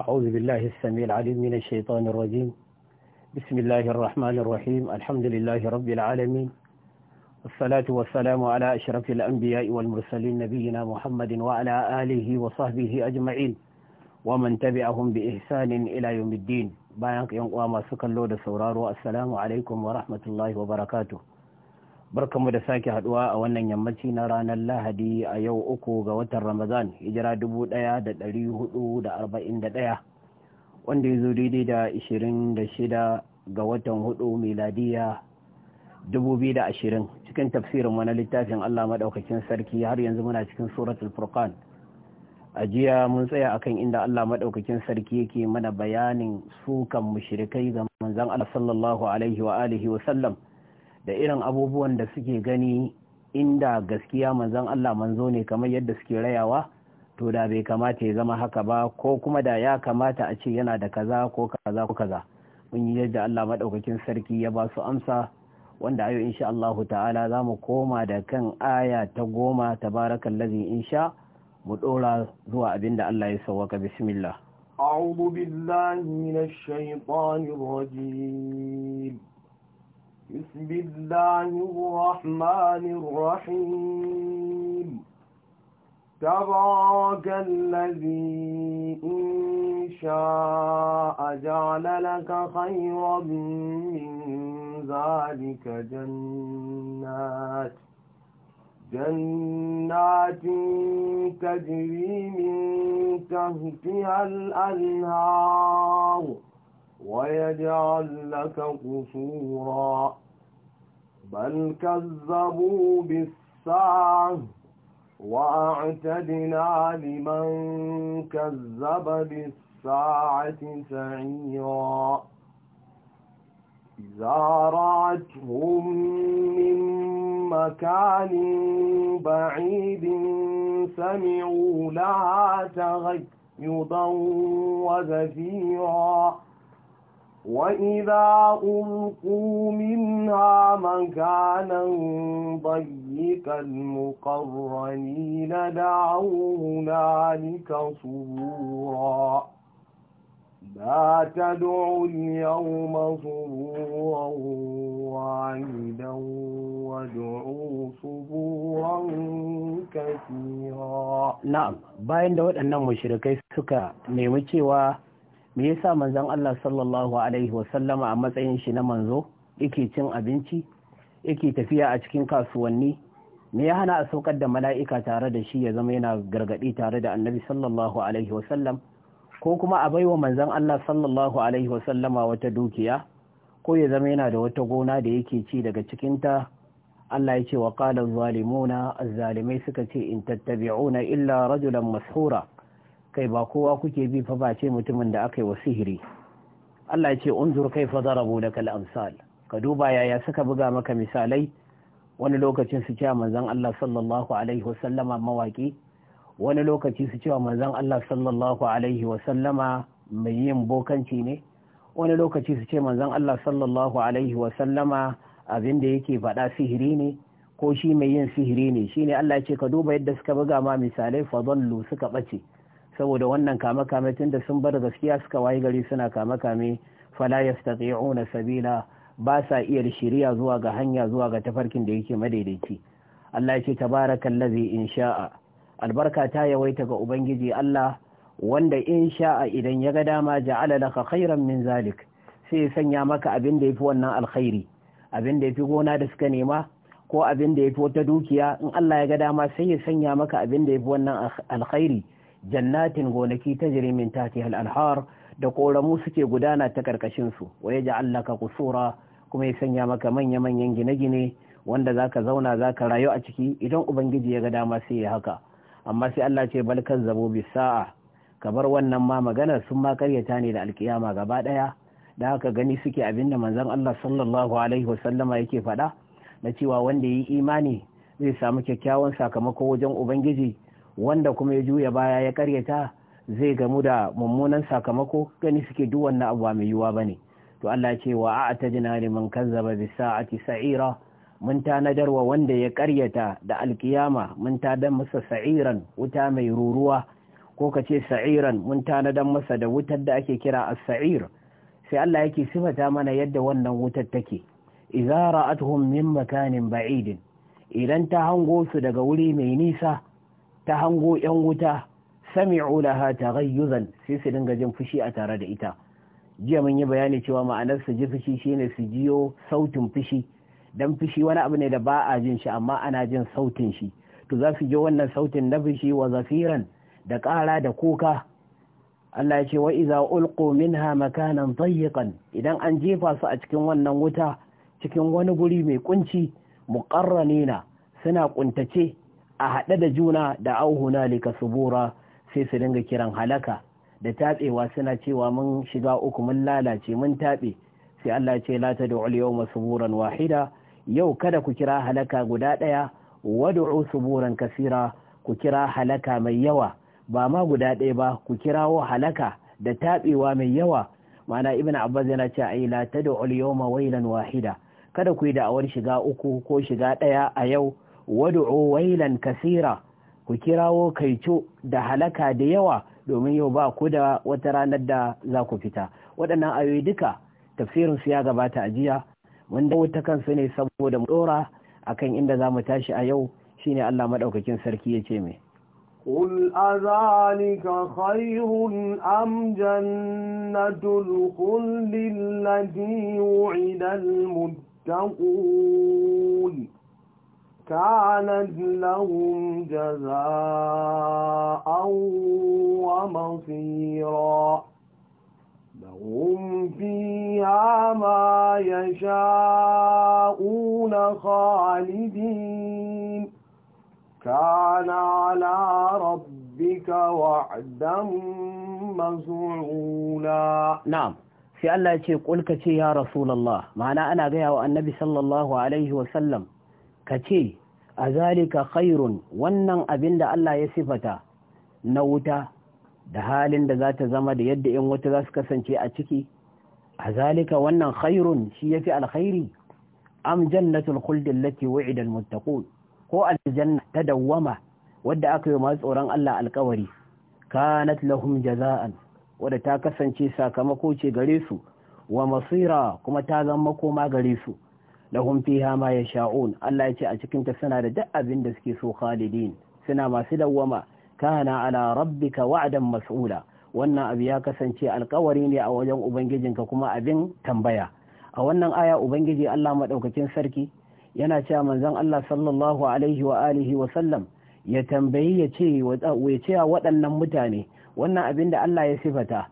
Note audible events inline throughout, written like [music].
أعوذ بالله السميع العليم من الشيطان الرجيم بسم الله الرحمن الرحيم الحمد لله رب العالمين والصلاة والسلام على أشرف الأنبياء والمرسلين نبينا محمد وعلى آله وصحبه أجمعين ومن تبعهم بإحسان إلى يوم الدين بايانك يوم وما سكن لود السورار والسلام عليكم ورحمة الله وبركاته barkamu da sake haduwa a wannan yammaci na ranar lahadi a yau uku ga watan ramadan hijira daya wanda ya zo daidai da da shida ga watan hudu miladiya ashirin. cikin tafsirin wani littafin allah maɗaukakin sarki har yanzu muna cikin suratul furqan a jiya mun tsaya akan inda allah maɗaukakin sarki yake mana bayanin sukan mushrikai ga manzan allah sallallahu alaihi wa alihi wa sallam da irin abubuwan da suke gani inda gaskiya manzon Allah manzo ne kamar yadda suke rayawa to da bai kamata ya zama haka ba ko kuma da ya kamata a ce yana da kaza ko kaza ko kaza mun yi yadda Allah madaukakin sarki ya ba su amsa wanda ayo insha Allahu ta'ala za mu koma da kan aya ta goma tabarakallazi insha mu dora zuwa abinda Allah ya sauwaka bismillah أعوذ بالله من الشيطان الرجيم بسم الله الرحمن الرحيم تبارك الذي إن شاء جعل لك خيرا من ذلك جنات جنات تجري من تهتها الأنهار ويجعل لك قصورا بل كذبوا بالساعة وأعتدنا لمن كذب بالساعة سعيرا إذا رأتهم من مكان بعيد سمعوا لها تغيضا وزفيرا وَإِذَا أُلْقُوا مِنْهَا مَكَانًا ضَيِّقًا مُقَرَّنِينَ دعوا هنالك صُبُورًا لا تدعوا اليوم صبورا واحدا وادعوا صبورا كثيرا نعم باين da waɗannan mushrikai suka nemi cewa me yasa manzon Allah sallallahu alaihi wasallama a matsayin shi na manzo yake cin abinci yake tafiya a cikin kasuwanni me ya hana a saukar da mala'ika tare da shi ya zama yana gargadi tare da annabi sallallahu alaihi wasallam ko kuma a baiwa manzon Allah sallallahu alaihi wasallama wata dukiya ko ya zama yana da wata gona da yake ci daga cikinta Allah ya ce wa qala zalimuna az-zalimai suka ce in tattabi'una illa rajulan mashura kai ba kowa kuke bi fa ba ce mutumin da aka yi wa sihiri Allah ya ce unzur fa zarabu da kal amsal ka duba yaya suka buga maka misalai wani lokacin su cewa manzon Allah sallallahu alaihi wasallama mawaki wani lokaci su cewa manzon Allah sallallahu alaihi wasallama mai yin bokanci ne wani lokaci su ce manzon Allah sallallahu alaihi wasallama abin da yake faɗa sihiri ne ko shi mai yin sihiri ne shine Allah ya ce ka duba yadda suka buga ma misalai fadallu suka bace saboda wannan kame-kame tun da sun bar gaskiya suka wayi gari suna kame-kame fala yastati'una sabila ba sa iya shiriya zuwa ga hanya zuwa ga tafarkin da yake madaidaici Allah ya ce in insha'a albarka ta yawaita ga ubangiji Allah wanda insha'a idan ya ga dama ja'ala laka khairan min zalik sai ya sanya maka abin da yafi wannan alkhairi abin da yafi gona da suka nema ko abin da yafi wata dukiya in Allah ya ga dama sai ya sanya maka abin da yafi wannan alkhairi jannatin gonaki ta jirimin tafi al'alhar da ƙoramu suke gudana ta ƙarƙashinsu wa ya ku kusura kuma ya sanya maka manya-manyan gine-gine wanda za ka zauna za ka rayu a ciki idan ubangiji ya ga dama sai ya haka amma sai allah ce balkan zabo sa'a ka bar wannan ma maganar sun ma karyata ne da alkiyama gaba ɗaya da haka gani suke abin da manzon allah sallallahu alaihi wasallama yake faɗa na cewa wanda ya yi imani zai samu kyakkyawan sakamako wajen ubangiji wanda kuma ya juya baya ya karyata zai gamu da mummunan sakamako gani suke duk wannan abuwa mai yiwuwa bane to Allah ce wa ta liman kazzaba bis sa'ati sa'ira mun tanadarwa wanda ya karyata da alkiyama mun dan masa sa'iran wuta mai ruruwa ko ka ce sa'iran mun tanadar masa da wutar da ake kira as-sa'ir sai Allah yake sifata mana yadda wannan wutar take idza ra'atuhum min makanin ba'idin idan ta hango su daga wuri mai nisa ta hango ‘yan wuta sami'u laha taghayyuzan sai su dinga jin fushi a tare da ita jiya mun yi bayani cewa ma'anar su ji fushi shine su jiyo sautin fushi dan fushi wani abu ne da ba a jin shi amma ana jin sautin shi to za su ji wannan sautin na fushi wa zafiran da ƙara da kuka Allah ya ce wa iza ulqu minha makanan dayyiqan idan an jefa su a cikin wannan wuta cikin wani guri mai kunci muqarranina suna kuntace a haɗe da juna da auhuna lika subura sai su dinga kiran halaka da tatsewa suna cewa mun shiga uku mun lalace mun taɓe sai Allah ce la tad'u al-yawma suburan wahida yau kada ku kira halaka guda ɗaya wad'u suburan kasira ku kira halaka mai yawa ba ma guda ɗaya ba ku kirawo halaka da taɓewa mai yawa Ma'ana ibn abbas yana cewa ai la tad'u al-yawma waylan wahida kada ku yi da'awar shiga uku ko shiga ɗaya a yau wad'u wailan kasira ku kirawo kaico da halaka da yawa domin yau ba ku da wata ranar da za ku fita waɗannan ayoyi duka tafsirin su ya gabata a jiya mun dawo kansu ne saboda mu dora akan inda za mu tashi a yau shine Allah madaukakin sarki ya ce mai قل أذلك خير أم جنة الخلد التي وعد المتقون كانت لهم جزاء ومصيرا لهم فيها ما يشاءون خالدين كان على ربك وعدا مسعولا نعم في الله يقول كتي يا رسول الله معنى أنا قيا وأن النبي صلى الله عليه وسلم ka ce a zalika khairun wannan abin da Allah ya sifata na wuta da halin da za ta zama da yadda ‘yan wuta za su kasance a ciki a zalika wannan khairun shi ya fi alkhairi am jannatul khuldin lati wa'idal muttaqun ko aljanna ta dawwama wadda aka yi masu tsoron Allah alkawari kanat lahum jaza'an wadda ta kasance sakamako ce gare su wa masira kuma ta zama makoma gare su lahum fiha ma yasha'un Allah yace a cikin ta suna da duk abin da suke so khalidin suna masu dawwama kana ala rabbika wa'dan mas'ula wannan abu ya kasance alkawari ne a wajen ubangijinka kuma abin tambaya a wannan aya ubangiji Allah madaukakin sarki yana cewa manzon Allah sallallahu alaihi wa alihi wa sallam ya tambayi ya ce ya waɗannan mutane wannan abin da Allah ya sifata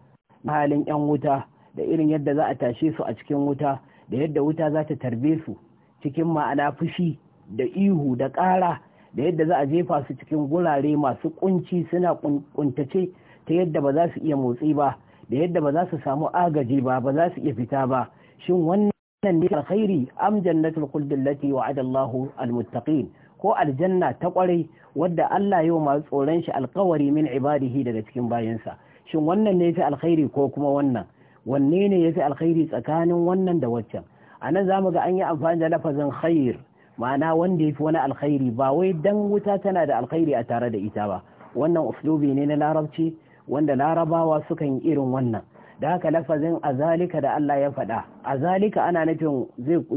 halin 'yan wuta da irin yadda za a tashe su a cikin wuta da yadda wuta za ta tarbe su cikin ma'ana fushi da ihu da ƙara da yadda za a jefa su cikin gurare masu kunci suna kuntace ta yadda ba za su iya motsi ba da yadda ba za su samu agaji ba ba za su iya fita ba shin wannan ne alkhairi am jannatul khuldi allati wa'ada Allahu almuttaqin ko aljanna ta kwarai wadda Allah yau masu tsoron shi alkawari min ibadihi daga cikin bayansa shin wannan ne ta alkhairi ko kuma wannan wanne ne ya fi alkhairi tsakanin wannan da waccan a nan za mu ga an yi amfani da lafazin khair ma'ana wanda ya fi wani alkhairi ba wai dan wuta tana da alkhairi a tare da ita ba wannan uslubi ne na larabci wanda larabawa sukan yi irin wannan da haka lafazin azalika da Allah ya faɗa azalika ana nufin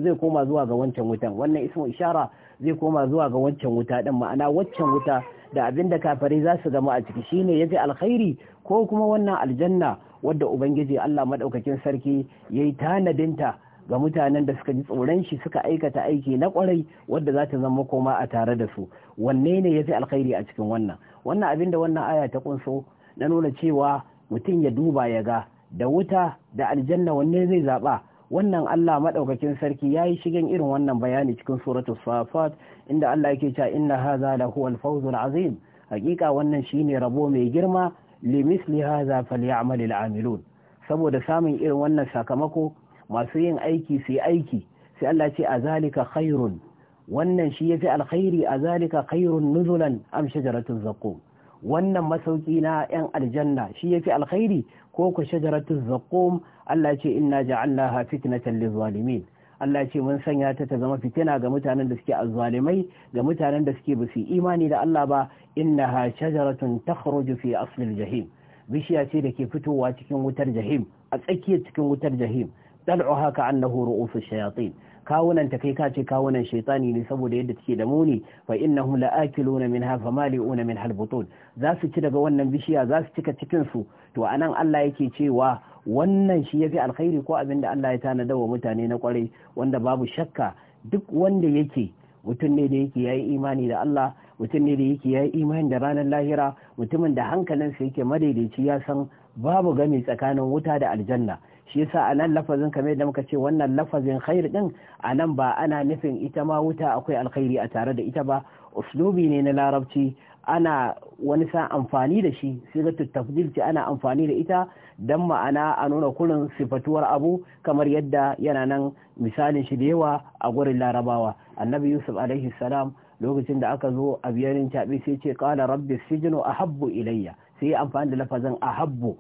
zai koma zuwa ga wancan wutan wannan ismu ishara zai koma zuwa ga wancan wuta din ma'ana waccan wuta da abin da kafare za su gama a ciki shine ya fi alkhairi ko kuma wannan aljanna wadda ubangiji Allah madaukakin sarki yayi tanadinta ga mutanen da suka ji tsoron shi suka aikata aiki na kwarai wadda za ta zama koma a tare da su wanne ne ya fi alkhairi a cikin wannan wannan abin da wannan aya ta kunso na nuna cewa mutum ya duba ya ga da wuta da aljanna wanne zai zaɓa wannan Allah maɗaukakin sarki ya yi shigen irin wannan bayani cikin suratu safat inda Allah yake cewa inna haza lahu al-fawzul azim hakika wannan shine rabo mai girma limisli haza falyamal al'amilun saboda samun irin wannan sakamako masu yin aiki su yi aiki sai Allah ce azalika khairun wannan shi yafi alkhairi azalika khairun nuzulan am shajaratuz zaqqum wannan masauki na yan aljanna shi yafi alkhairi ko ku shajaratuz zaqqum Allah ce inna ja'alnaha fitnatan lizalimin Allah ce mun sanya ta ta zama fitina ga mutanen da suke azzalimai ga mutanen da suke basu imani da Allah ba innaha shajaratun takhruju fi asli al-jahim bishiya ce da ke fitowa cikin wutar jahim a tsakiyar cikin wutar jahim dal'u haka annahu ru'usu shayatin kawunan ta kai ka ce kawunan shaitani ne saboda yadda take da muni fa innahum la'akiluna minha famali'una min halbutun za su ci daga wannan bishiya za su cika cikin su to anan Allah yake cewa wannan shi yafi alkhairi ko abin da Allah ya tanada wa mutane na kwarai wanda babu shakka duk wanda yake mutum ne da yake yayi imani da Allah mutum ne da yake ya yi imanin da ranar lahira mutumin da hankalinsa yake madaidaici ya san babu gami tsakanin wuta da aljanna shi yasa a nan lafazin kamar da muka ce wannan lafazin khair din a nan ba ana nufin ita ma wuta akwai alkhairi a tare da ita ba uslubi ne na larabci ana wani sa amfani da shi sigatut tafdil ce ana amfani da ita dan ma'ana a nuna kurin sifatuwar abu kamar yadda yana nan misalin shi da yawa a gurin larabawa annabi yusuf alaihi salam lokacin da aka zo a biyarin caɓe sai ce ƙala rabbi sijino a habbu ilayya sai amfani da lafazin a habbo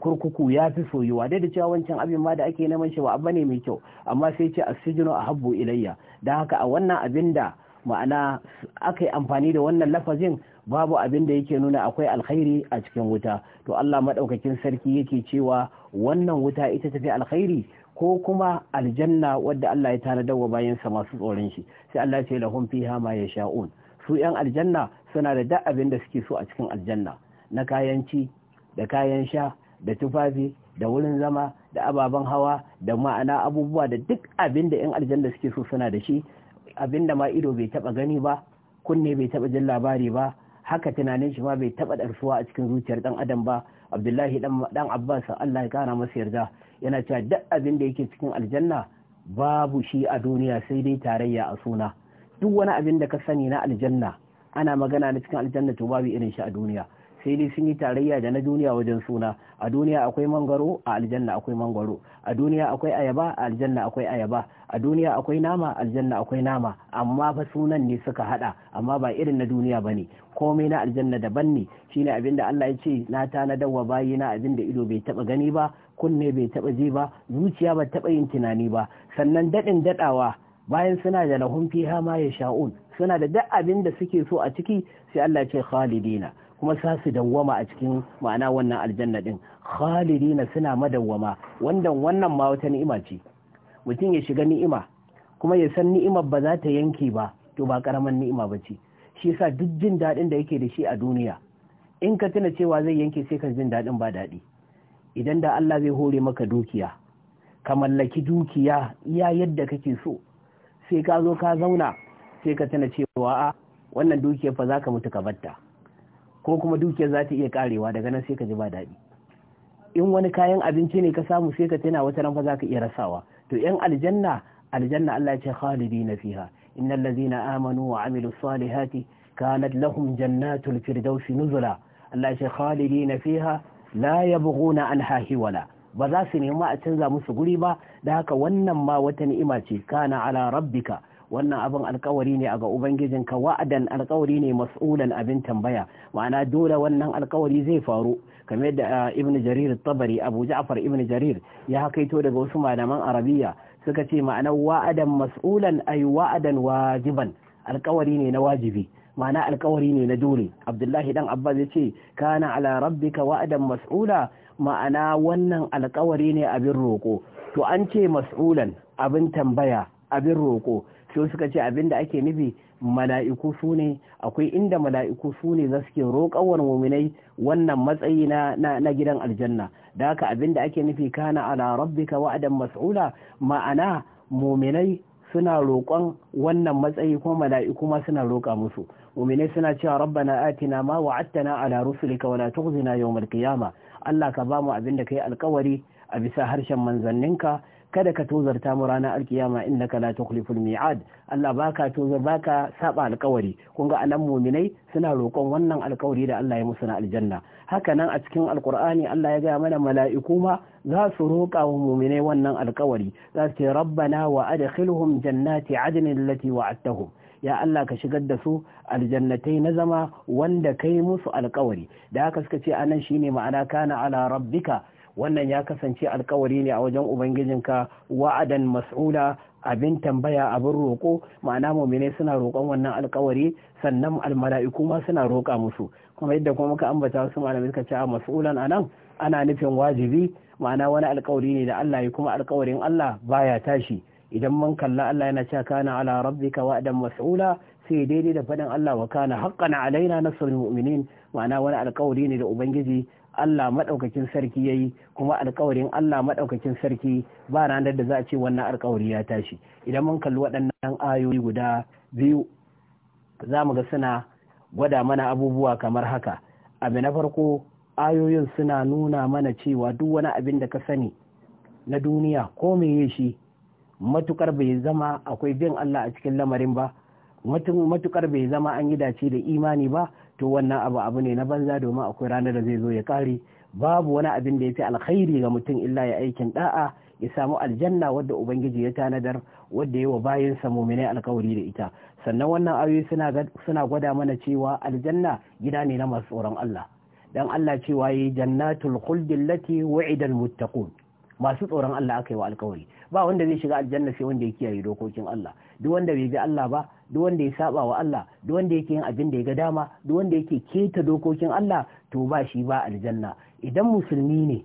kurkuku ya fi soyuwa dai da cewa wancan abin ma da ake neman shi ba abu ne mai kyau amma sai ce a sijino a habbo ilayya da haka a wannan abin da ma'ana aka yi amfani da wannan lafazin babu abin da yake nuna akwai alkhairi a cikin wuta to Allah maɗaukakin sarki yake cewa wannan wuta ita tafi alkhairi ko kuma aljanna wadda Allah ya tanadar wa bayansa masu tsoron shi sai Allah ce lahum fiha ma yasha'un su yan aljanna suna da duk abin da suke so a cikin aljanna na kayan ci da kayan sha da tufafi da wurin zama da ababen hawa da ma'ana abubuwa da duk abin da yan aljanna suke so suna da shi abin da ma ido bai taba gani ba kunne bai taba jin labari ba haka tunanin shi ma bai taba darsuwa a cikin zuciyar dan adam ba abdullahi dan abbas Allah ya kara masa yarda yana cewa duk abin da yake cikin aljanna babu shi a duniya sai dai tarayya a suna duk wani abin da ka sani na aljanna ana magana na cikin aljanna to babu irin shi a duniya sai dai sun yi tarayya da na duniya wajen suna a duniya akwai mangaro a aljanna akwai mangaro a duniya akwai ayaba a aljanna akwai ayaba a duniya akwai nama a aljanna akwai nama amma fa sunan ne suka hada amma ba irin na duniya ba ne komai na aljanna daban ne shine da Allah ya ce na tanadar wa abin da ido bai taba gani ba kunne bai taba ji ba zuciya ba taba yin tunani ba sannan dadin dadawa bayan suna da lahum fiha ma shaun suna da duk abin da suke so a ciki sai Allah ya ce khalidina kuma sa su dawwama a cikin ma'ana wannan aljanna din khalidina suna madawwama wannan wannan ma wata ni'ima ce mutum ya shiga ni'ima kuma ya san ni'imar ba za ta yanke ba to ba karaman ni'ima ba ce shi yasa duk jin daɗin da yake da shi a duniya in ka tuna cewa zai yanke sai ka jin daɗin ba daɗi idan da Allah zai hore maka dukiya ka mallaki dukiya iya yadda kake so sai ka zo ka zauna sai ka tuna cewa a wannan dukiyar fa za ka mutu ka batta ko kuma dukiyar za ta iya karewa daga nan sai ka ji ba daɗi in wani kayan abinci ne ka samu sai ka tana wata ranfa za ka iya rasawa to yan aljanna aljanna Allah ya ce khalidi na fiha innal ladzina amanu wa amilu salihati kanat lahum jannatul firdausi nuzula Allah ya ce khalidi na fiha la yabghuna anha hiwala ba za su nema a canza musu guri ba da haka wannan ma wata ni'ima ce kana ala rabbika wannan abin alkawari ne a ga ubangijinka wa'adan alkawari ne mas'ulan abin tambaya ma'ana dole wannan alkawari zai faru kamar da eh, ibn jarir tabari abu ja'far ibn jarir ya hakaito daga wasu malaman arabiya suka ce ma'ana wa'adan mas'ulan ay wa'adan wajiban alkawari ne na wajibi ma'ana alkawari ne na dole abdullahi dan abbas ya ce kana ala rabbika wa'adan mas'ula ma'ana wannan alkawari ne abin roko to an ce mas'ulan abin tambaya abin roko to suka ce abin da ake nufi mala'iku su ne akwai inda mala'iku su ne za su ke roƙawar muminai wannan matsayi na gidan aljanna da haka abin da ake nufi kana ala rabbika wa'adan mas'ula ma'ana muminai suna roƙon wannan matsayi kuma mala'iku ma suna roƙa musu muminai suna cewa rabbana atina ma wa'adtana ala rusulika wala tukhzina yawmal qiyamah Allah ka ba mu abin da kai alƙawari a bisa harshen manzanninka kada ka tozarta mu ranar alkiyama innaka la tukhliful mi'ad Allah baka tozar baka saba alkawari kun ga anan mu'minai suna roƙon wannan alkawari da Allah ya musu na aljanna haka nan a cikin alkur'ani Allah ya ga mana mala'iku ma za su roƙa wa mu'minai wannan alkawari za su ce rabbana wa adkhilhum jannati adnin allati wa'adtahum ya Allah ka shigar da su aljannatai na zama wanda kai musu alkawari da haka suka ce anan shine ma'ana kana ala rabbika wannan ya kasance alkawari ne a wajen ubangijinka wa'adan mas'ula abin tambaya abin roƙo ma'ana mumine suna roƙon wannan alkawari sannan almala'iku ma suna roƙa musu kuma yadda kuma muka ambata wasu malamai suka ce a mas'ulan anan ana nufin wajibi ma'ana wani alkawari ne da Allah ya kuma alkawarin Allah baya tashi idan mun kalla Allah yana cewa kana ala rabbika wa'adan mas'ula sai daidai da faɗin Allah wa kana haqqan alaina nasrul mu'minin ma'ana wani alkawari ne da ubangiji Allah maɗaukakin sarki ya yi kuma alkawarin Allah maɗaukakin sarki ba ranar da za a ce wannan alkawari ya tashi idan mun kalli waɗannan ayoyi guda biyu za mu ga suna gwada mana abubuwa kamar haka abu na farko ayoyin suna nuna mana cewa duk wani abin da ka sani na duniya ko yi shi matukar bai zama akwai bin Allah a cikin lamarin ba matukar bai zama an yi dace da imani ba to wannan abu abu ne na banza domin akwai ranar da zai zo ya kare babu wani abin da ya fi alkhairi ga mutum illa ya aikin da'a ya samu aljanna wadda ubangiji ya tanadar wadda ya wa bayan muminai alkawari da ita sannan wannan ayoyi suna gwada mana cewa aljanna gida ne na masu tsoron Allah dan Allah cewa yi jannatul khuldi lati wa'idal muttaqun masu tsoron Allah aka yi wa alkawari ba wanda zai shiga aljanna sai wanda ya kiyaye dokokin Allah duk wanda bai bi Allah ba duk wanda ya saba wa Allah duk wanda yake yin abin da ya ga dama duk wanda yake keta dokokin Allah to ba shi ba aljanna idan musulmi ne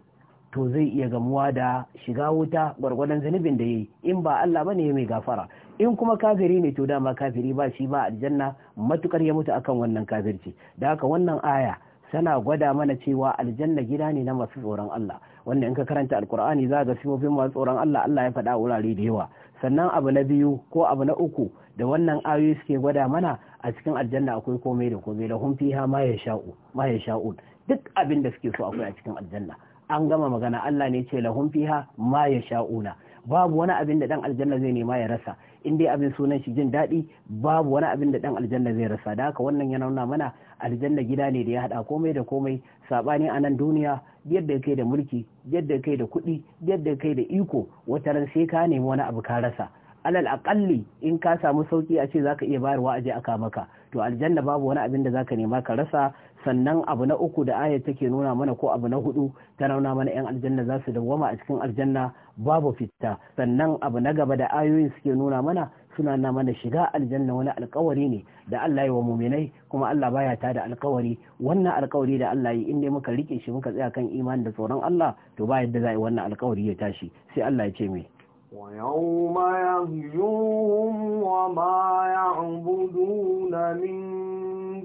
to zai iya gamuwa da shiga wuta gwargwadon zunubin da yayi in ba Allah bane ya mai gafara in kuma kafiri ne to dama kafiri ba shi ba aljanna matukar ya mutu akan wannan kafirci da haka wannan aya sana gwada mana cewa aljanna gida ne na masu tsoron Allah wanda in ka karanta alkur'ani za ga sifofin masu tsoron Allah Allah ya faɗa wurare da yawa sannan abu na biyu ko abu na uku da wannan ayoyi suke gwada mana a cikin aljanna akwai komai da komai da hun fiha ma ya sha'u ma ya sha'u duk abin da suke so akwai a cikin aljanna an gama magana Allah ne ce lahum fiha ma sha'una. babu wani abin da dan aljanna zai nema ya rasa in dai abin sunan shi jin daɗi babu wani abin da dan aljanna zai rasa da haka wannan ya nuna mana aljanna gida ne da ya haɗa komai da komai saɓani a nan duniya yadda kai da mulki yadda kai da kuɗi yadda kai da iko wata ran sai ka nemi wani abu ka rasa alal aqalli in ka samu sauki a ce zaka iya bayarwa aje aka maka to aljanna babu wani abin da zaka nema ka rasa sannan abu na uku da ayat take nuna mana ko abu na hudu ta nuna mana yan aljanna za su dawwama a cikin aljanna babu fitta sannan abu na gaba da ayoyin suke nuna mana suna na mana shiga aljanna wani alkawari ne da Allah ya wa muminai kuma Allah baya ta da alkawari wannan alkawari da Allah yi inda muka rike shi muka tsaya kan imani da tsoron Allah to ba yadda za a yi wannan alkawari ya tashi sai Allah ya ce mai ويوم يهجوهم وما يعبدون من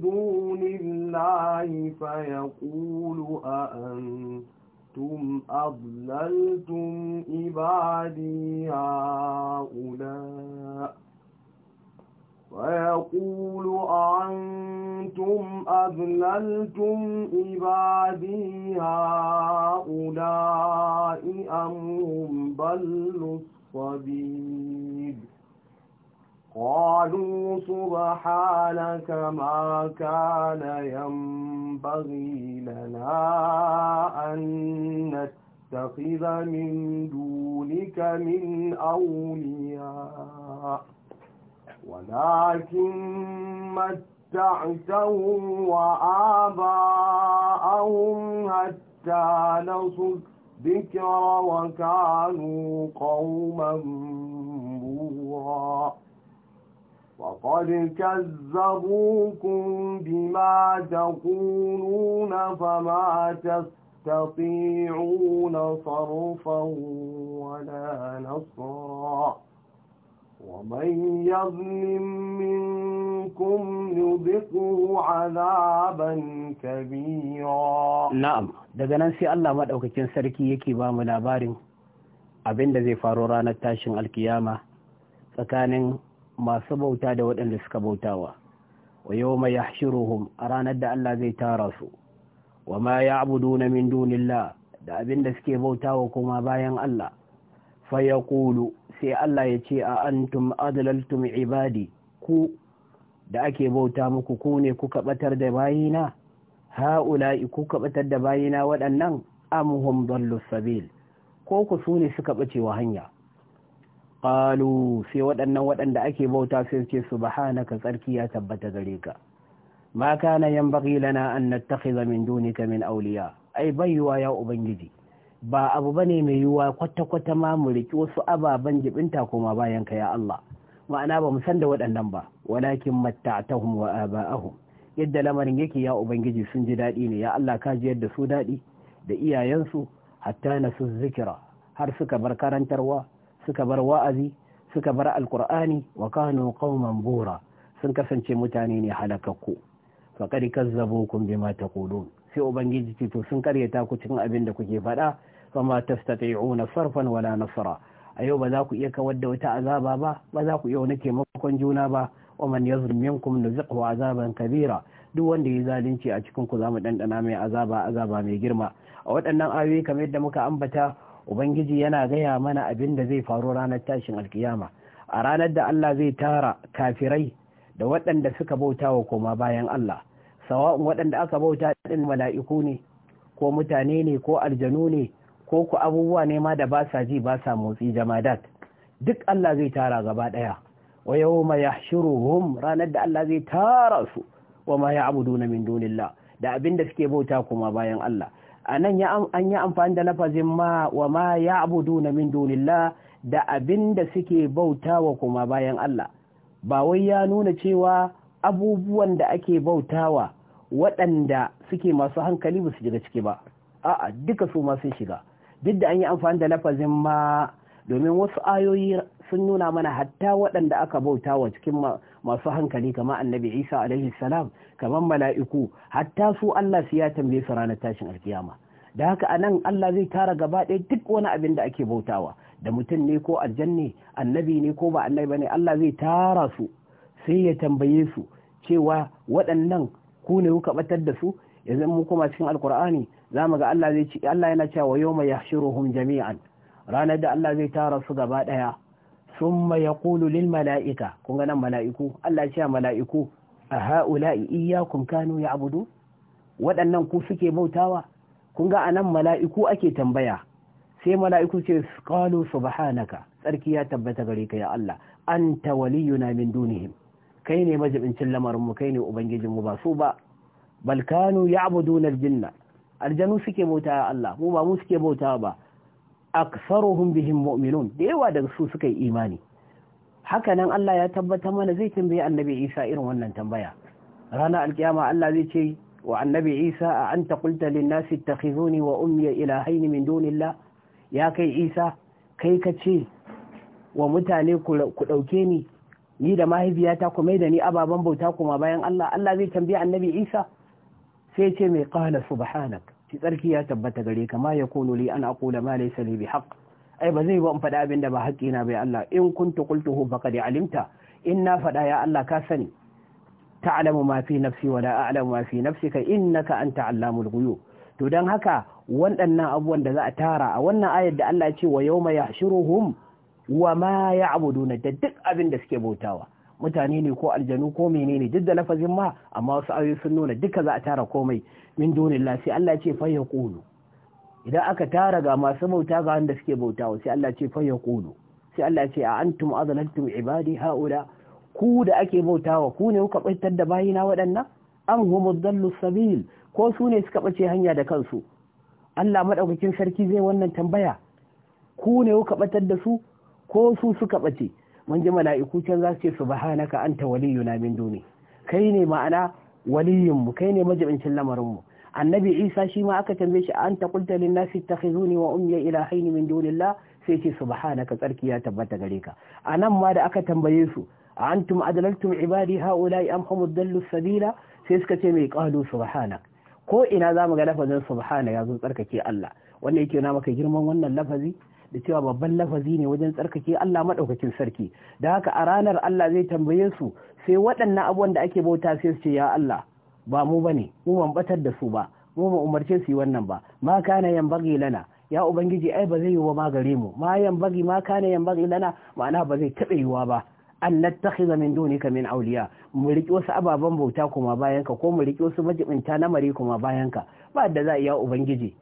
دون الله فيقول أأنتم أضللتم عبادي هؤلاء ويقول أنتم أذللتم عبادي هؤلاء أم هم ضلوا الطبيب قالوا سبحانك ما كان ينبغي لنا أن نتخذ من دونك من أولياء ولكن متعتهم وآباءهم حتى نصدق ذكر وكانوا قوما بورا وقد كذبوكم بما تقولون فما تستطيعون صرفا ولا نصرا ومن يظلم منكم نذقه عذابا كبيرا نعم daga nan sai Allah madaukakin sarki yake ba mu labarin abin da zai faru ranar tashin alkiyama tsakanin masu bauta da waɗanda suka bautawa wa yawma yahshuruhum a ranar da Allah zai tara su wa ma ya'buduna min dunillah da abin da suke bautawa kuma bayan Allah Faya Kulu, sai Allah ya ce a antum adlaltum ibadi ku da ake bauta muku ku ne kuka batar da bayina ha'ula'i kuka batar da bayina waɗannan amhum dallu sabil ko ku su ne suka bace wa hanya qalu sai waɗannan waɗanda ake bauta sai ce subhanaka tsarki ya tabbata gare ka ma kana yanbaghi lana an nattakhidha min dunika min awliya ai baiwa ya ubangiji ba abu ba ne mai yiwuwa kwata-kwata ma mu riki wasu ababen jibinta koma bayan ka ya Allah ma'ana ba mu san da waɗannan ba walakin matta'tahum wa aba'ahum yadda lamarin yake ya ubangiji sun ji daɗi ne ya Allah ka ji yadda su daɗi da iyayensu hatta na su zikira har suka bar karantarwa suka bar wa'azi suka bar alkur'ani wa kanu qauman bura sun kasance mutane ne halakakku faqad kazzabukum bima taqulun sai ubangiji ce to sun karyata ku cikin abin da kuke faɗa fa ma tastati'una sarfan wala nasra a yau ba za ku iya kawar da wata azaba ba ba za ku iya wani taimakon juna ba wa man yazlim minkum nuziqhu azaban kabira duk wanda ya zalunci a cikin ku zamu dandana mai azaba azaba mai girma a waɗannan ayoyi kamar yadda muka ambata ubangiji yana gaya mana abin da zai faru ranar tashin alkiyama a ranar da Allah zai tara kafirai da waɗanda suka bauta wa koma bayan Allah sawa'un waɗanda aka bauta ɗin mala'iku ne ko mutane ne ko aljanu ne ko ku abubuwa ne ma da ba sa ji ba sa motsi jamadat duk Allah zai tara gaba ɗaya wa yawma yahshuruhum ranar da Allah zai tara su wa ma ya'buduna min dunillah da abin da suke bauta kuma bayan Allah A nan an yi amfani da lafazin ma wa ma ya'buduna min dunillah da abin da suke bauta wa kuma bayan Allah ba wai ya nuna cewa abubuwan da ake bautawa waɗanda suke masu hankali ba su shiga ciki ba a'a duka su ma sun shiga duk da an yi amfani da lafazin ma domin wasu ayoyi sun nuna mana hatta waɗanda aka bauta wa cikin masu hankali kama annabi isa alaihi salam kamar mala'iku hatta su allah su ya tambaye su ranar tashin alkiyama da haka anan allah zai tara gaba ɗaya duk wani abin da ake bautawa da mutum ne ko aljanni annabi ne ko ba annabi ne allah zai tara su sai ya tambaye su cewa waɗannan ku ne kuka batar da su yanzu mu kuma cikin alkur'ani za mu ga Allah zai ci Allah yana cewa yawma yahshuruhum jami'an ranar da Allah zai tara su gaba daya summa yaqulu lil mala'ika kun ga nan mala'iku Allah ya ce mala'iku a ha'ula'i iyyakum kanu abudu waɗannan ku suke bautawa kun ga anan mala'iku ake tambaya sai mala'iku ce kalu subhanaka tsarki ya tabbata gare ka ya Allah anta waliyuna min dunihim kai ne majibincin lamarinmu kai ne ubangijinmu ba su ba balkanu ya abudu na jinna aljanu suke bauta Allah mu ba mu suke bauta ba aksaruhum bihim mu'minun da yawa daga su suka yi imani haka nan Allah ya tabbata mana zai tambaye annabi Isa irin wannan tambaya ranar alkiyama Allah zai ce wa annabi Isa a anta qulta lin nasi ittakhizuni wa ummi ilahayn min dunillah ya kai Isa kai ka ce wa mutane ku dauke ni ni da mahaifiyata ku mai da ni ababen bauta kuma bayan Allah Allah zai tambayi annabi Isa sai ce mai qala subhanak ki tsarki ya tabbata gare ka ma yakunu li an aqula ma laysa li bihaq ai ba zai ba in faɗa abin da ba haƙƙi na bai Allah in kuntu qultuhu faqad alimta in na faɗa ya Allah ka sani ta'lamu ma fi nafsi wa la a'lamu ma fi nafsika innaka anta allamul ghuyub to dan haka waɗannan abubuwan da za a tara a wannan ayar da Allah ya ce wa yawma yahshuruhum wa ma na da duk abin da suke bautawa mutane ne ko aljanu ko menene duk da lafazin ma amma wasu ayoyi sun nuna duka za a tara komai min dunillah sai Allah ce fa yaqulu idan aka tara ga masu bauta ga wanda suke bautawa sai Allah ya ce fa yaqulu sai Allah ce a antum azlaltum ibadi haula ku da ake bautawa ku ne kuka baitar da bayina waɗannan an humu dallu sabil ko su ne suka bace hanya da kansu Allah madaukakin sarki zai wannan tambaya ku ne kuka batar da su ko su suka bace mun ji mala'iku can za su ce subhanaka anta waliyuna min duni kai ne ma'ana waliyin mu kai ne majibincin lamarin mu annabi isa shi ma aka tambaye shi an ta kulta lin nasi takhizuni wa ummi ilahaini min dunillah sai ce subhanaka tsarki ya tabbata gare ka anan ma da aka tambaye su antum adlaltum ibadi haula'i am humud dallu sabila sai suka ce mai qalu subhanak ko ina zamu ga lafazin subhana yazo tsarkake Allah wanda yake na maka girman wannan lafazi da cewa babban lafazi ne wajen tsarkake Allah maɗaukakin sarki da haka a ranar Allah zai tambaye su sai waɗannan abubuwan da ake bauta sai su ce ya Allah ba mu bane mu ban batar da su ba mu ba umarce su yi wannan ba ma kana yanbaghi lana ya ubangiji ai ba zai yi wa ma gare mu ma yanbaghi ma kana lana ma'ana ba zai taɓa yiwa ba an nattakhidha min dunika min awliya mu riki wasu ababen bauta kuma bayan ka. ko mu riki wasu majibinta na mare kuma bayan ka. ba da za a iya ubangiji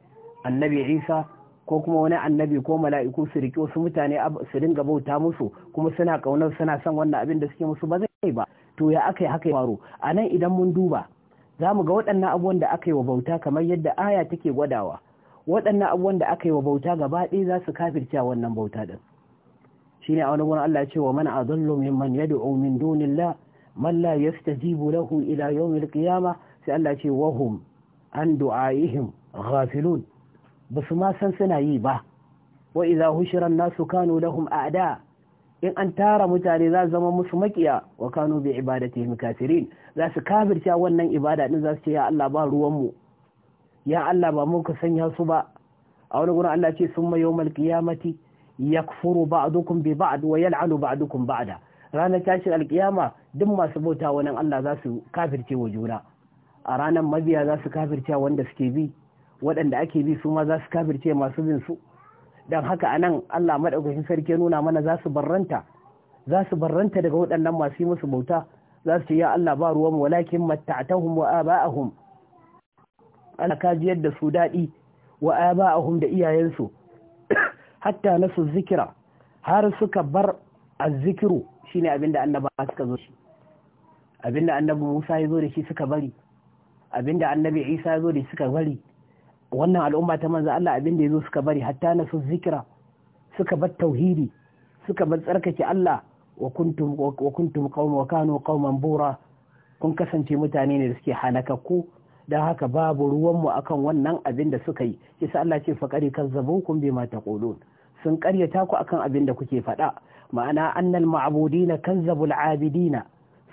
annabi Isa ko kuma wani annabi ko mala'iku su riƙe wasu mutane su dinga bauta musu kuma suna ƙaunar suna son wannan abin da suke musu ba zai ba to ya aka yi haka faru a nan idan mun duba za mu ga waɗannan abubuwan da aka yi wa bauta kamar yadda aya take gwadawa waɗannan abubuwan da aka yi wa bauta gaba ɗaya za su kafirce wannan bauta ɗin shine a wani gurin Allah ya ce wa man adallu mimman yad'u min dunillah man la yastajibu lahu ila yawmil qiyamah sai Allah ya ce wa hum an du'aihim ghafilun ba su ma san suna yi ba wa idza hushira nasu kanu lahum a'da in an tara mutane za zama musu makiya wa kanu bi ibadati kafirin za su kafirta wannan ibada din za su ce ya Allah ba ruwan mu ya Allah ba mun ka sanya su ba a wani gurin Allah ce summa yawmal qiyamati yakfuru ba'dukum bi ba'd wa yal'anu ba'dukum ba'da ranar tashin alkiyama duk masu bauta wannan Allah za su kafirce wa juna a ranar mabiya za su kafirce wanda suke bi waɗanda ake bi su ma za su kafirce masu bin su don haka anan Allah madaukakin sarki ya nuna mana za su barranta za su barranta daga waɗannan masu yi musu bauta za su ce ya Allah ba ruwanmu walakin matta'tahum wa aba'ahum Allah ka jiyar da su daɗi wa aba'ahum da iyayensu [coughs] hatta su zikira har suka bar azzikiru shine abinda annaba suka zo shi abinda annabi Musa ya zo da shi suka bari abinda annabi Isa ya zo da shi suka bari wannan al'umma ta manzo Allah abin da zo suka bari hatta na su zikira suka bar tauhidi suka bar tsarkake Allah wa kuntum wa wa bura kun kasance mutane ne da suke halakakku don haka babu ruwan mu akan wannan abin da suka yi yasa Allah ce kun bi bima taqulun sun karyata ku akan abin da kuke faɗa ma'ana annal kan kazzabul abidina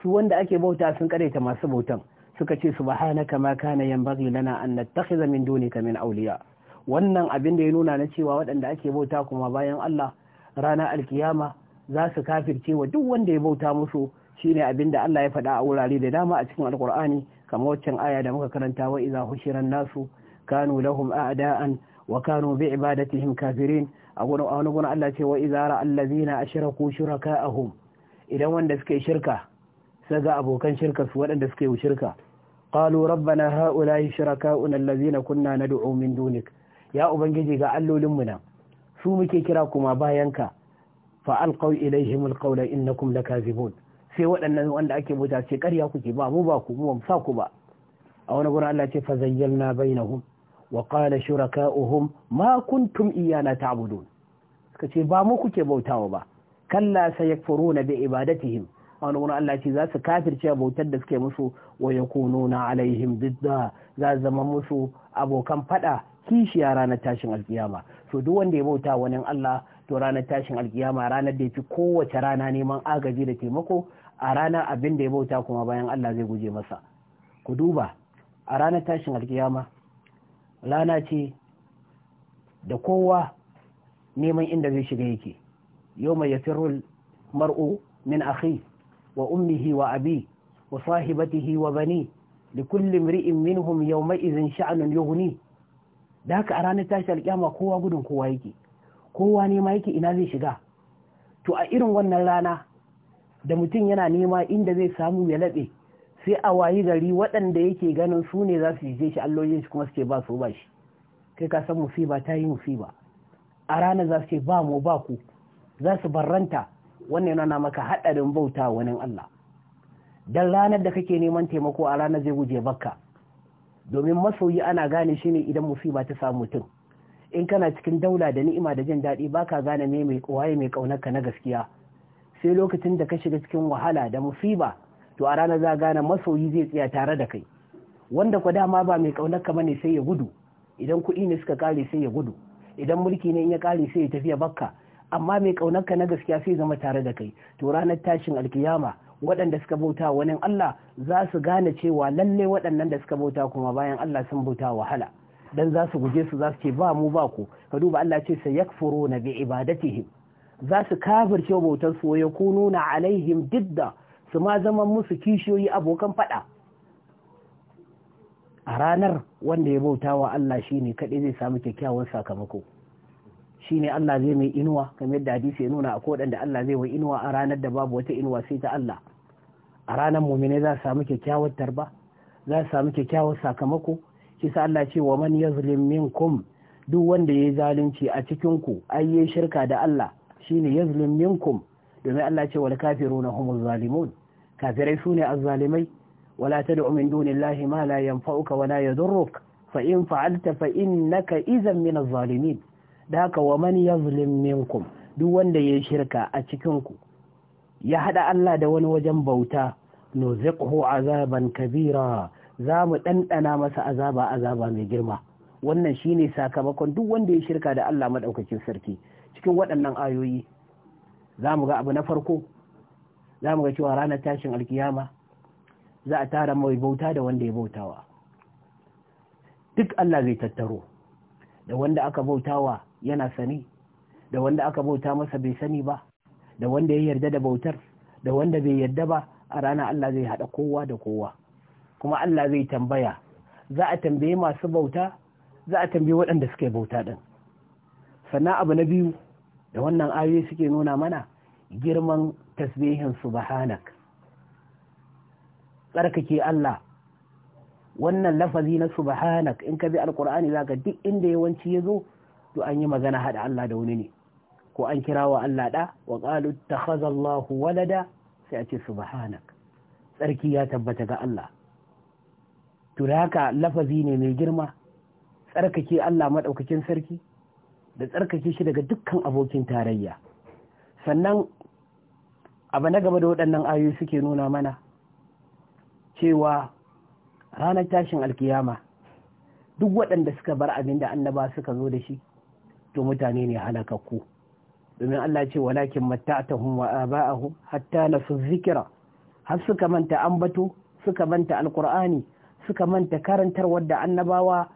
su wanda ake bauta sun karyata masu bautan suka ce subhanaka ma kana yanbaghi lana an nattakhidha min dunika min awliya wannan abin da ya nuna na cewa waɗanda ake bauta kuma bayan Allah rana alkiyama za su kafirce wa duk wanda ya bauta musu shine abin da Allah ya faɗa a wurare da dama a cikin alkur'ani kamar waccan aya da muka karanta wa idza hushiran nasu kanu lahum a'da'an wa kanu bi ibadatihim kafirin a gurin a wani gurin Allah ce wa idza ra'a allazina ashraku shuraka'ahum idan wanda suka yi shirka ga abokan shirka su waɗanda suka yi shirka qalu rabbana haula'i shiraka'una allazina kunna nad'u min dunik ya ubangiji ga allolin mu nan su muke kira kuma bayanka fa alqaw ilaihim alqawla innakum lakazibun sai waɗannan wanda ake bauta ce ƙarya kuke ba mu ba ku mu sa ku ba a wani gurin Allah ce fa zayyalna bainahum wa qala shuraka'uhum ma kuntum iyana ta'budun suka ce ba mu kuke bautawa ba kalla sayakfuruna bi ibadatihim wani wurin Allah ce za su kafirce bautar da suke musu wa nuna alaihim bidda za zama musu abokan fada kishiya ranar tashin alkiyama so duk wanda ya bauta wani Allah to ranar tashin alkiyama ranar da ya fi kowace rana neman agaji da taimako a ranar abin da ya bauta kuma bayan Allah zai guje masa ku duba a ranar tashin alkiyama rana ce da kowa neman inda zai shiga yake yau mai yafirul mar'u min akhi Wa وأمه وأبيه وصاحبته وبنيه لكل minhum منهم يومئذ شأن يغنيه da haka a ranar tashi alƙyama kowa gudun kowa yake kowa nema yake ina zai shiga to a irin wannan rana da mutum yana nema inda zai samu ya laɓe sai a wayi gari waɗanda yake ganin su ne za su je shi alloyin shi kuma suke ba su ba shi kai ka san musiba ta yi musiba a ranar za su ce ba mu ba ku za su barranta wannan yana maka haɗarin bauta wani Allah dan ranar da kake neman taimako a ranar zai guje baka. domin masoyi ana gane shi ne idan musiba ta samu mutum in kana cikin daula da ni'ima da jin daɗi baka gane me mai waye mai ƙaunarka na gaskiya sai lokacin da ka shiga cikin wahala da musiba to a ranar za gane masoyi zai tsaya tare da kai wanda ku dama ba mai kaunarka bane sai ya gudu idan kuɗi ne suka kare sai ya gudu idan mulki ne in ya kare sai ya tafi bakka amma mai kaunarka na gaskiya sai zama tare da kai to ranar tashin alkiyama waɗanda suka bauta wani Allah za su gane cewa lalle waɗannan da suka bauta kuma bayan Allah sun bauta wahala dan za su guje su za su ce ba mu ba ku ka duba Allah ce sai na bi ibadatihim za su kafirce bautar su ya kununa alaihim didda su ma zama musu kishiyoyi abokan fada a ranar wanda ya bauta wa Allah shine kadai zai samu kyakkyawan sakamako shine Allah zai mai inuwa kamar yadda hadisi ya nuna a kodan da Allah zai wa inuwa a ranar da babu wata inuwa sai ta Allah a ranar mu'mine za su samu kyakkyawar tarba za su samu kyakkyawar sakamako shi sa Allah ce wa man yazlim minkum duk wanda ya zalunci a cikin ku ai shirka da Allah shine yazlim minkum domin Allah ce wal kafiruna humuz zalimun kafirai sune azzalimai wala tad'u min dunillahi ma la yanfa'uka wa la yadurruk fa in fa'alta fa innaka idhan min az-zalimin da wa man yazlim minkum duk wanda ya shirka a cikin ku ya hada Allah da wani wajen bauta nuziquhu azaban kabira za mu ɗanɗana masa azaba azaba mai girma wannan shine sakamakon duk wanda ya shirka da Allah madaukakin sarki cikin waɗannan ayoyi za mu ga abu na farko za mu ga cewa ranar tashin alkiyama za a tara mai bauta da wanda ya bautawa duk Allah zai tattaro da wanda aka bautawa yana sani da wanda aka bauta masa bai sani ba da wanda ya yarda da bautar da wanda bai yarda ba a rana Allah zai haɗa kowa da kowa kuma Allah zai tambaya za a tambaye masu bauta za a tambaye waɗanda suke bauta ɗin sannan abu na biyu da wannan ayoyi suke nuna mana girman tasbihin subhanak tsarkake Allah wannan lafazi na subhanak in ka bi alkur'ani zaka duk inda yawanci ya zo to an yi magana haɗa Allah da wani ne ko an kira wa Allah da wa ƙalu ta khazallahu walada sai a ce subhanak tsarki ya tabbata ga Allah to da haka lafazi ne mai girma tsarkake Allah maɗaukakin sarki da tsarkake shi daga dukkan abokin tarayya sannan abu na gaba da waɗannan ayoyi suke nuna mana cewa ranar tashin alkiyama duk waɗanda suka bar abin da annaba suka zo da shi to mutane ne halakakku domin Allah ce walakin matta'tahum wa aba'ahu hatta su zikira har suka manta ambato suka manta alkur'ani suka manta karantar wadda annabawa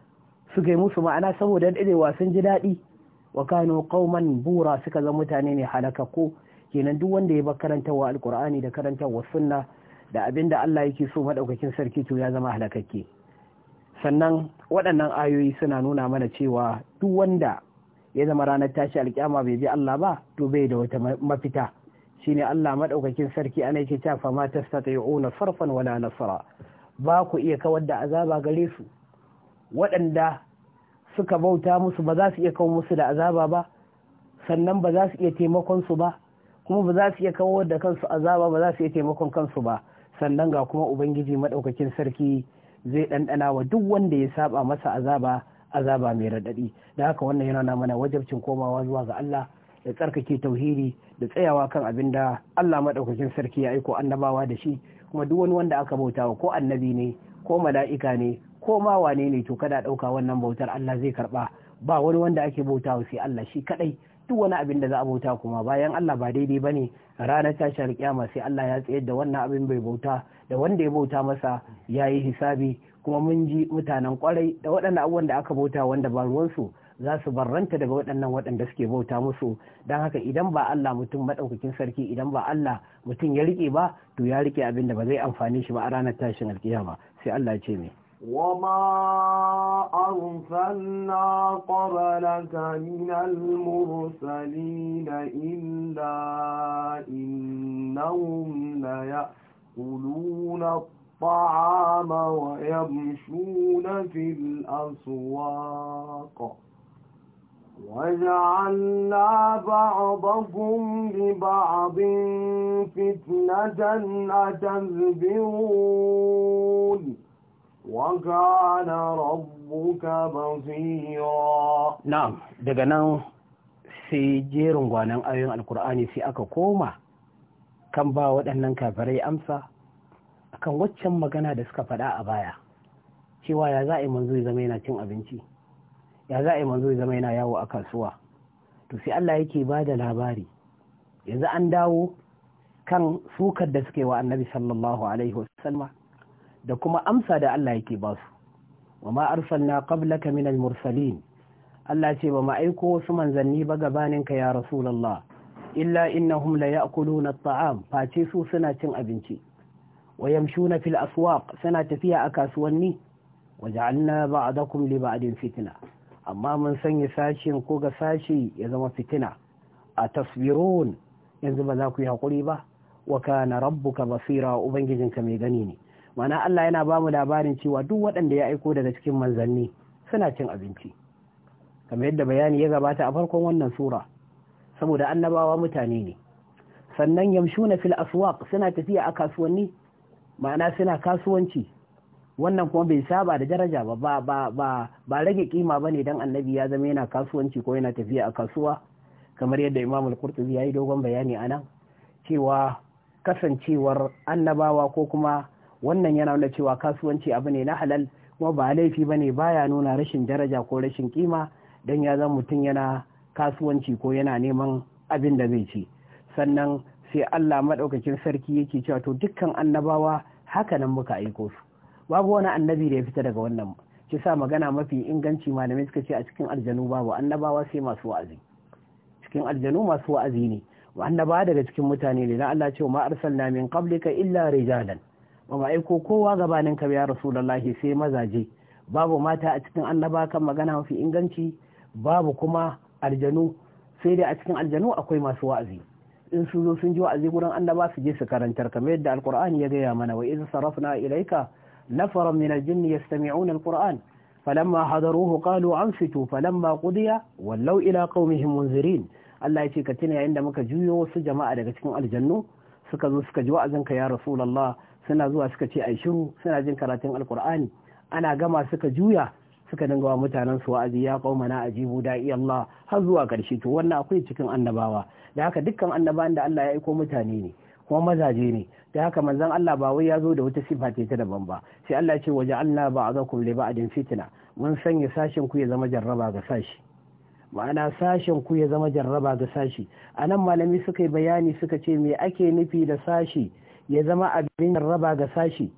suka yi musu ma'ana saboda dadewa sun ji dadi wa kanu qauman bura suka zama mutane ne halakakku kenan duk wanda ya bar karantarwa alkur'ani da karantarwa sunna da abinda Allah yake so madaukakin sarki to ya zama halakakke sannan waɗannan ayoyi suna nuna mana cewa duk wanda ya zama ranar tashi alkyama bai bi Allah ba to bai da wata mafita shine Allah maɗaukakin sarki ana yake ta fama tastati'una sarfan wala nasara. ba ku iya kawar da azaba gare su waɗanda suka bauta musu ba za su iya kawo musu da azaba ba sannan ba za su iya taimakon su ba kuma ba za su iya kawo da kansu azaba ba za su iya taimakon kansu ba sannan ga kuma ubangiji maɗaukakin sarki zai ɗanɗana wa duk wanda ya saba masa azaba azaba mai radadi da haka wannan yana mana wajabcin komawa zuwa ga Allah da tsarkake tauhidi da tsayawa kan abin da Allah madaukakin sarki ya aiko annabawa da shi kuma duk wani wanda aka bautawa ko annabi ne ko mala'ika ne ko ma wane ne to kada dauka wannan bautar Allah zai karba ba wani wanda ake bautawa sai Allah shi kadai duk wani abin da za a bauta kuma bayan Allah ba daidai bane ranar tashar kiyama sai Allah ya tsayar da wannan abin bai bauta da wanda ya bauta masa yayi hisabi kuma mun ji mutanen kwarai da waɗannan abubuwan da aka bauta wanda ba ruwansu za su barranta daga waɗannan waɗanda suke bauta musu don haka idan ba Allah mutum maɗaukakin sarki idan ba Allah mutum ya riƙe ba to ya riƙe abin da ba zai amfani shi ba a ranar tashin alkiyama sai Allah ce mai وما أرسلنا قبلك من المرسلين إلا إنهم ليأكلون الطعام ويمشون في الأسواق وجعلنا بعضهم لبعض فتنة أتذبرون وكان ربك بصيرا نعم دقنا sai jerin gwanan ayoyin alkur'ani sai aka koma kan ba waɗannan kafirai amsa akan waccan magana da suka faɗa a baya cewa ya za a yi manzo ya zama yana cin abinci ya za a yi manzo ya zama yana yawo a kasuwa to sai Allah yake ba da labari yanzu an dawo kan sukar da suke wa annabi sallallahu alaihi wasallama da kuma amsa da Allah yake ba su wa ma arsalna qablaka min al-mursalin Allah ce ba ma aiko wasu manzanni ba gabaninka ya rasulullah illa innahum la ya'kuluna at-ta'am face su suna cin abinci wa yamshuna fil aswaq suna tafiya a kasuwanni wa ja'alna ba'dakum li ba'din fitna amma mun sanya sashin ko ga sashi ya zama fitina a tasbirun yanzu ba za ku yi hakuri ba wa kana rabbuka basira ubangijinka mai gani ne mana Allah yana ba mu labarin cewa duk waɗanda ya aiko daga cikin manzanni suna cin abinci kamar yadda bayani ya gabata a farkon wannan sura saboda annabawa mutane ne sannan yamshuna fil aswaq suna tafiya a kasuwanni ma'ana suna kasuwanci wannan kuma bai saba da daraja ba ba ba ba ba rage kima ba ne don annabi ya zama yana kasuwanci ko yana tafiya a kasuwa kamar yadda Imam al ya yi dogon bayani a nan cewa kasancewar annabawa ko kuma wannan yana nuna cewa kasuwanci abu ne na halal kuma ba laifi ba ne baya nuna rashin daraja ko rashin kima don ya zama mutum yana kasuwanci ko yana neman abin da zai ci sannan sai Allah maɗaukakin sarki yake cewa to dukkan annabawa haka nan muka aiko su babu wani annabi da ya fita daga wannan ki sa magana mafi inganci malamai suka ce a cikin aljanu babu annabawa sai masu wa'azi cikin aljanu masu wa'azi ne wa annabawa daga cikin mutane ne dan Allah ce ma arsalna min qablika illa rijalan ba ma aiko kowa gabanin ka ya rasulullahi sai mazaje babu mata a cikin annaba kan magana mafi inganci babu kuma aljanu sai dai a cikin aljanu akwai masu wa'azi in su zo sun ji wa'azi gurin annaba su je su karantar kamar yadda alqur'ani ya gaya mana wa iz sarafna ilayka nafara min al-jinn yastami'una al-qur'an falamma hadaruhu qalu anfitu falamma qudiya wallaw ila qaumihim munzirin Allah ya ce ka tuna yayin da muka juyo wasu jama'a daga cikin aljannu suka zo suka ji wa'azin ka ya rasulullah suna zuwa suka ce ai shiru suna jin karatun alqur'ani ana gama suka juya suka dinga wa mutanen su wa'azi ya qaumana ajibu da'i Allah har zuwa karshe to wannan akwai cikin annabawa da haka dukkan annabawan da Allah ya aiko mutane ne kuma mazaje ne da haka manzon Allah ba wai ya zo da wata sifa ta daban ba sai Allah ya ce waje Allah ba a ba a ba'din fitna mun sanya sashin ku ya zama jarraba ga sashi ma'ana sashen ku ya zama jarraba ga sashi a nan malami suka yi bayani suka ce me ake nufi da sashi ya zama abin jarraba ga sashi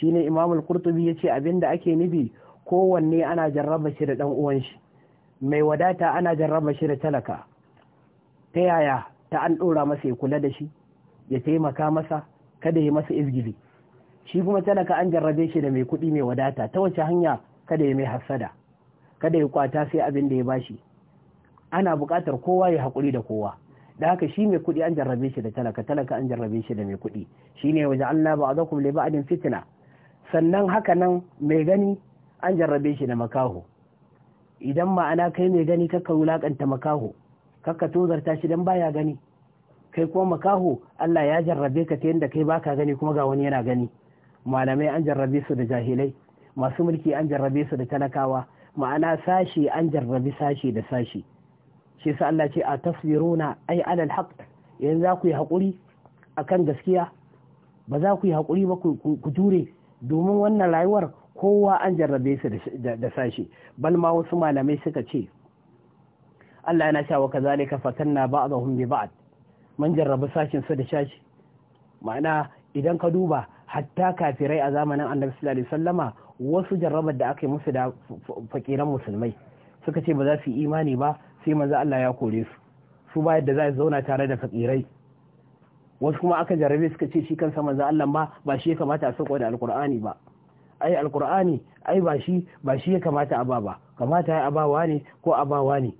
shine imam al-qurtubi ya ce abin da ake nufi kowanne ana jarraba shi da dan uwan shi mai wadata ana jarraba shi da talaka ta yaya ta an ɗora masa ya kula da shi ya taimaka masa kada ya masa izgili shi kuma talaka an jarrabe shi da mai kuɗi mai wadata ta wace hanya kada ya mai hassada kada ya kwata sai abin da ya bashi ana buƙatar kowa ya haƙuri da kowa da haka shi mai kuɗi an jarrabe shi da talaka talaka an jarrabe shi da mai kuɗi Shi shine waje Allah ba'dakum li ba'din fitna sannan haka nan mai gani an jarrabe shi da makaho idan ma'ana kai mai gani kakka wulakanta makaho kakka tozarta shi dan baya gani kai kuma makaho Allah ya jarrabe ka ta yadda kai baka gani kuma ga wani yana gani malamai an jarrabe su da jahilai masu mulki an jarrabe su da talakawa ma'ana sashi an jarrabe sashi da sashi shi sa Allah ce a tasbiruna ai alal haq yanzu za ku yi hakuri akan gaskiya ba za ku yi hakuri ba ku jure domin wannan rayuwar kowa an jarrabe su da sashi Balma wasu malamai suka ce Allah yana cewa kazalika fatanna ba'dahum bi ba'd man jarrabu sashin su da shashi ma'ana idan ka duba hatta kafirai a zamanin Annabi sallallahu alaihi wasallama wasu jarrabar da aka yi musu da fakiran musulmai suka ce ba za su yi imani ba sai manzo Allah ya kore su su ba yadda za su zauna tare da fakirai wasu kuma aka jarrabe suka ce shi kansa manzo Allah ma ba shi ya kamata a sako da alkur'ani ba ai alkur'ani ai ba shi ba shi ya kamata a ba ba kamata ya abawa ne ko abawa ne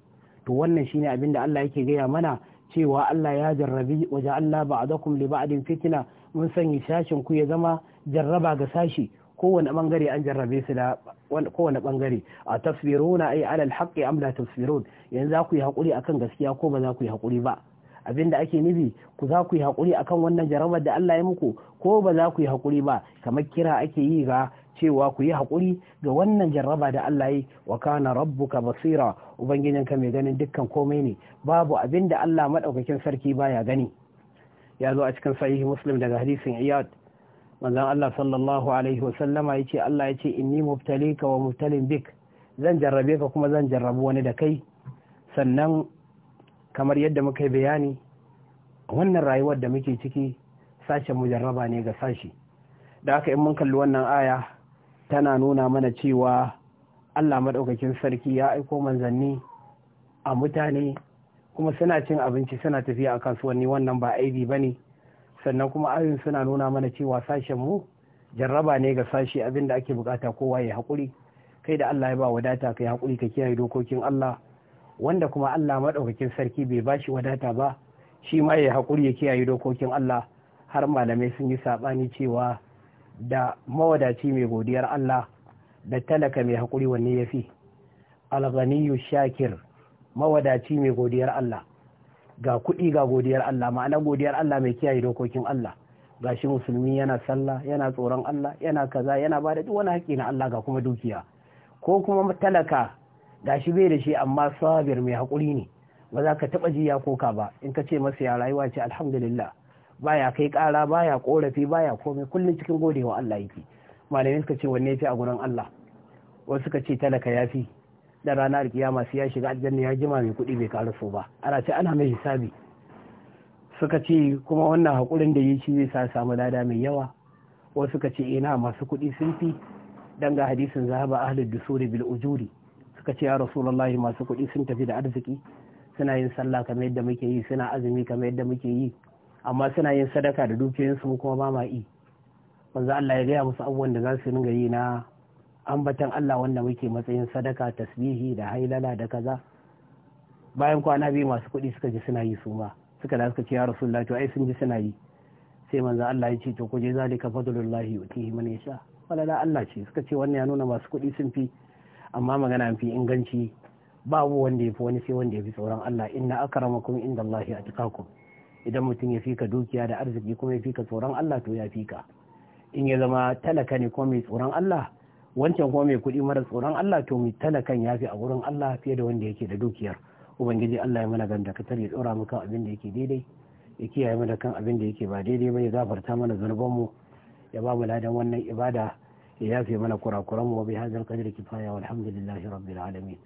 to wannan shine abin da Allah yake gaya mana cewa Allah ya jarrabi waje Allah ba'dakum li ba'din fitina mun sanya sashen ku ya zama jarraba ga sashi kowane bangare an jarrabe su da kowane bangare a tasbiruna ay ala alhaqi am la tasbirun yanzu za ku yi hakuri akan gaskiya ko ba za ku yi hakuri ba abinda ake nufi ku za ku yi hakuri akan wannan jarrabar da Allah ya muku ko ba za ku yi hakuri ba kamar kira ake yi ga cewa ku yi haƙuri ga wannan jarraba da Allah yi wa kana rabbuka basira ubangijinka mai ganin dukkan komai ne babu abin da Allah madaukakin sarki baya gani ya zo a cikin sahihi muslim daga hadisin iyad manzon Allah sallallahu alaihi wasallama yace Allah yace inni mubtalika wa mubtalin bik zan jarrabe ka kuma zan jarrabu wani da kai sannan kamar yadda muka yi bayani wannan rayuwar da muke ciki sashen mujarraba ne ga sashi da aka in mun kalli wannan aya tana nuna mana cewa Allah maɗaukakin sarki ya aiko manzanni a mutane kuma suna cin abinci suna tafiya a kasuwanni wannan ba aibi ba ne sannan kuma ayin suna nuna mana cewa sashen mu jarraba ne ga sashe abin da ake bukata kowa ya haƙuri kai da Allah ya ba wadata kai haƙuri ka kiyaye dokokin Allah wanda kuma Allah maɗaukakin sarki bai ba shi wadata ba shi ma ya haƙuri ya kiyaye dokokin Allah har malamai sun yi saɓani cewa da mawadaci mai godiyar Allah da talaka mai haƙuri wanne ya fi alghaniyu shakir mawadaci mai godiyar Allah ga kuɗi ga godiyar Allah ma'ana godiyar Allah mai kiyaye dokokin Allah ga shi musulmi yana sallah yana tsoron Allah yana kaza yana bada duk wani haƙƙi na Allah ga kuma dukiya ko kuma talaka ga shi bai da shi amma sabir mai haƙuri ne ba za ka taɓa jiya koka ba in ka ce masa ya rayuwa ce alhamdulillah baya kai ƙara baya korafi baya komai kullum cikin godewa Allah yake malamai suka ce wanne yafi a gurin Allah wasu suka ce talaka yafi da rana alkiyama sai ya shiga aljanna ya jima mai kuɗi bai so ba ana ce ana mai hisabi suka ce kuma wannan hakurin da yake shi zai sa samu lada mai yawa wasu suka ce ina eh, masu kuɗi sun fi dan ga hadisin zahaba ahlud dusuri bil ujuri suka ce ya rasulullahi masu kuɗi sun tafi da arziki suna yin sallah kamar yadda muke yi suna azumi kamar yadda muke yi amma suna yin sadaka da dukiyoyinsu mu kuma ba ma yi Allah ya gaya musu abubuwan da za su ringa yi na ambatan Allah wanda muke matsayin sadaka tasbihi da hailala da kaza bayan kwana biyu masu kuɗi suka ji suna yi su ma suka da suka ce ya rasulullah to ai sun ji suna yi sai manzo Allah ya ce to kuje zalika fadlullahi yutihi man yasha wala la Allah ce suka ce wannan ya nuna masu kuɗi sun fi amma magana fi inganci babu wanda ya fi wani sai wanda ya fi tsoron Allah inna akramakum indallahi atqakum idan mutum ya fika dukiya da arziki kuma ya fika tsoron Allah to ya fika in ya zama talaka ne ko mai tsoron Allah wancan kuma mai kuɗi mara tsoron Allah to mai talakan ya fi a wurin Allah fiye da wanda yake da dukiyar ubangiji Allah ya mana ganda katar ya tsora mu kan abin da yake daidai ya kiyaye mana kan abin da yake ba daidai ba ya gafarta mana zunubanmu ya ba mu ladan wannan ibada ya yafe mana kurakuranmu wa bi hadzal qadri kifaya walhamdulillahi rabbil alamin